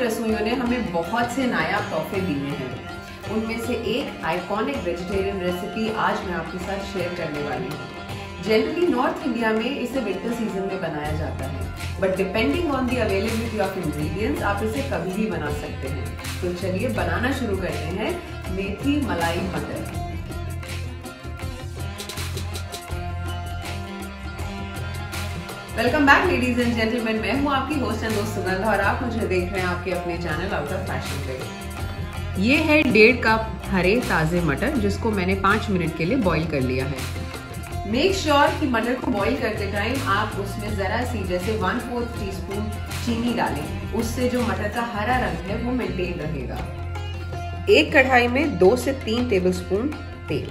की रसोइयों ने हमें बहुत से नायाब तोहफे दिए हैं उनमें से एक आइकॉनिक वेजिटेरियन रेसिपी आज मैं आपके साथ शेयर करने वाली हूँ जनरली नॉर्थ इंडिया में इसे विंटर सीजन में बनाया जाता है but depending on the availability of ingredients आप इसे कभी भी बना सकते हैं तो चलिए बनाना शुरू करते हैं methi malai matar welcome back ladies and gentleman मैं हूं आपकी होस्ट एंड दोस्त सुनल और आप मुझे देख रहे हैं आपके अपने चैनल आउट ऑफ फैशन पे ये है डेढ़ कप हरे ताज़े मटर जिसको मैंने पाँच मिनट के लिए बॉईल कर लिया है मेक श्योर sure कि मटर को बॉईल करते टाइम आप उसमें ज़रा सी जैसे वन फोर्थ टी स्पून चीनी डालें उससे जो मटर का हरा रंग है वो मेंटेन रहेगा एक कढ़ाई में दो से तीन टेबलस्पून तेल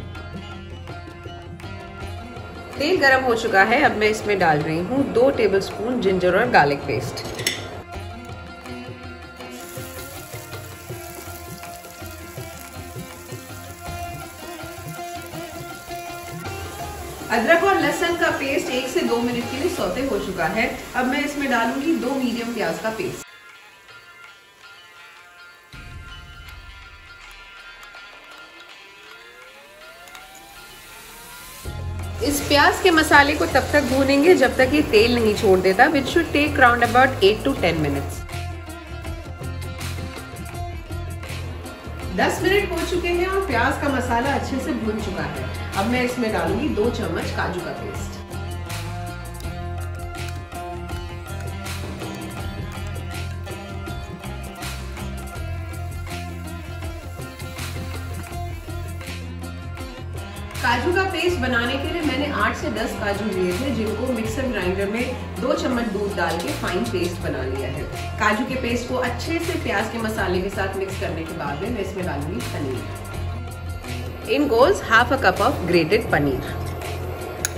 तेल गरम हो चुका है अब मैं इसमें डाल रही हूँ दो टेबलस्पून जिंजर और गार्लिक पेस्ट अदरक और लहसुन का पेस्ट एक से दो मिनट के लिए सौते हो चुका है अब मैं इसमें डालूंगी दो मीडियम प्याज का पेस्ट इस प्याज के मसाले को तब तक भूनेंगे जब तक ये तेल नहीं छोड़ देता which should take round about eight to ten minutes दस मिनट हो चुके हैं और प्याज का मसाला अच्छे से भून चुका है अब मैं इसमें डालूंगी दो चम्मच काजू का पेस्ट काजू का पेस्ट बनाने के लिए मैंने 8 से 10 काजू लिए थे जिनको मिक्सर ग्राइंडर में दो चम्मच दूध डाल के फाइन पेस्ट बना लिया है काजू के पेस्ट को अच्छे से प्याज के मसाले के साथ मिक्स करने के बाद में मैं इसमें डालूंगी paneer in goes half a cup of grated paneer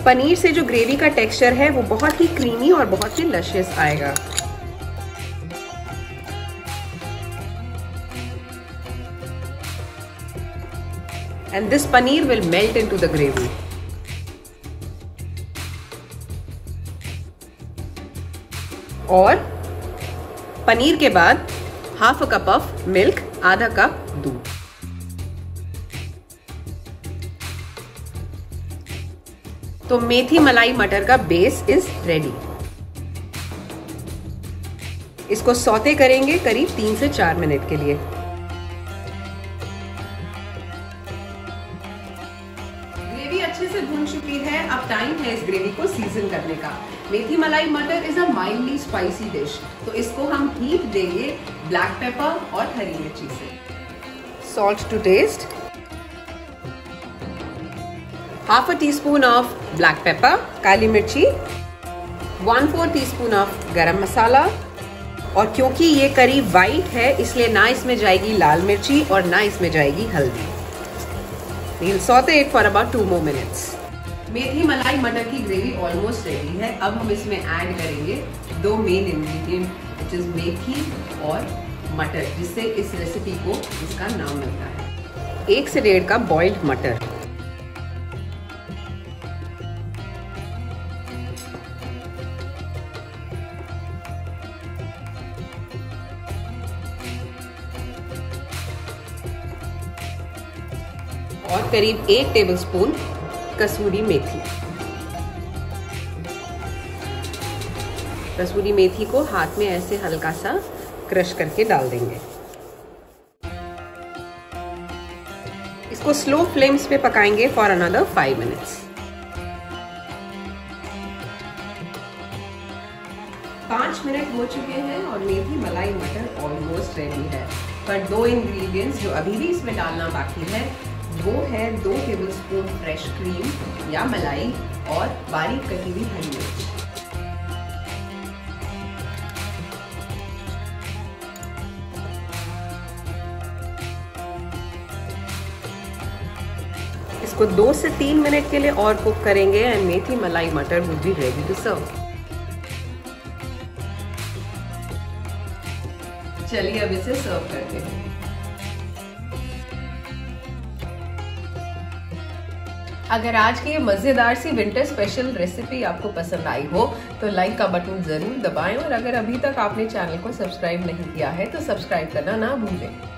paneer से जो ग्रेवी का टेक्सचर है वो बहुत ही क्रीमी और बहुत ही लशियस आएगा and this paneer will melt into the gravy. और पनीर के बाद half a cup of milk आधा कप दूध तो मेथी मलाई मटर का बेस इज रेडी इसको सौते करेंगे करीब तीन से चार मिनट के लिए इस ग्रेवी को सीजन करने का methi malai matar is a mildly spicy dish तो इसको हम हीट देंगे ब्लैक पेपर और हरी मिर्ची से salt to taste half a teaspoon of black pepper काली मिर्ची one four teaspoon of garam masala और क्योंकि ये करी वाइट है इसलिए ना इसमें जाएगी लाल मिर्ची और ना इसमें जाएगी हल्दी We'll it for about two more minutes methi malai matar की ग्रेवी ऑलमोस्ट रेडी है अब हम इसमें ऐड करेंगे दो main ingredient which is methi और मटर जिससे इस रेसिपी को इसका नाम मिलता है एक से डेढ़ का बॉइल्ड मटर और करीब एक टेबलस्पून कसूरी मेथी कसूरी मेथी को हाथ में ऐसे हल्का सा क्रश करके डाल देंगे इसको स्लो फ्लेम्स पे पकाएंगे फॉर अनदर फाइव मिनट्स पांच मिनट हो चुके हैं और मेथी मलाई मटर ऑलमोस्ट रेडी है पर दो इंग्रेडिएंट्स जो अभी भी इसमें डालना बाकी है वो है दो टेबल स्पून फ्रेश क्रीम या मलाई और बारीक कटी हुई हरी मिर्च इसको दो से तीन मिनट के लिए और कुक करेंगे and methi malai matar would be ready to serve चलिए अब इसे सर्व करते हैं अगर आज की ये मज़ेदार सी विंटर स्पेशल रेसिपी आपको पसंद आई हो तो लाइक का बटन ज़रूर दबाएं और अगर अभी तक आपने चैनल को सब्सक्राइब नहीं किया है तो सब्सक्राइब करना ना भूलें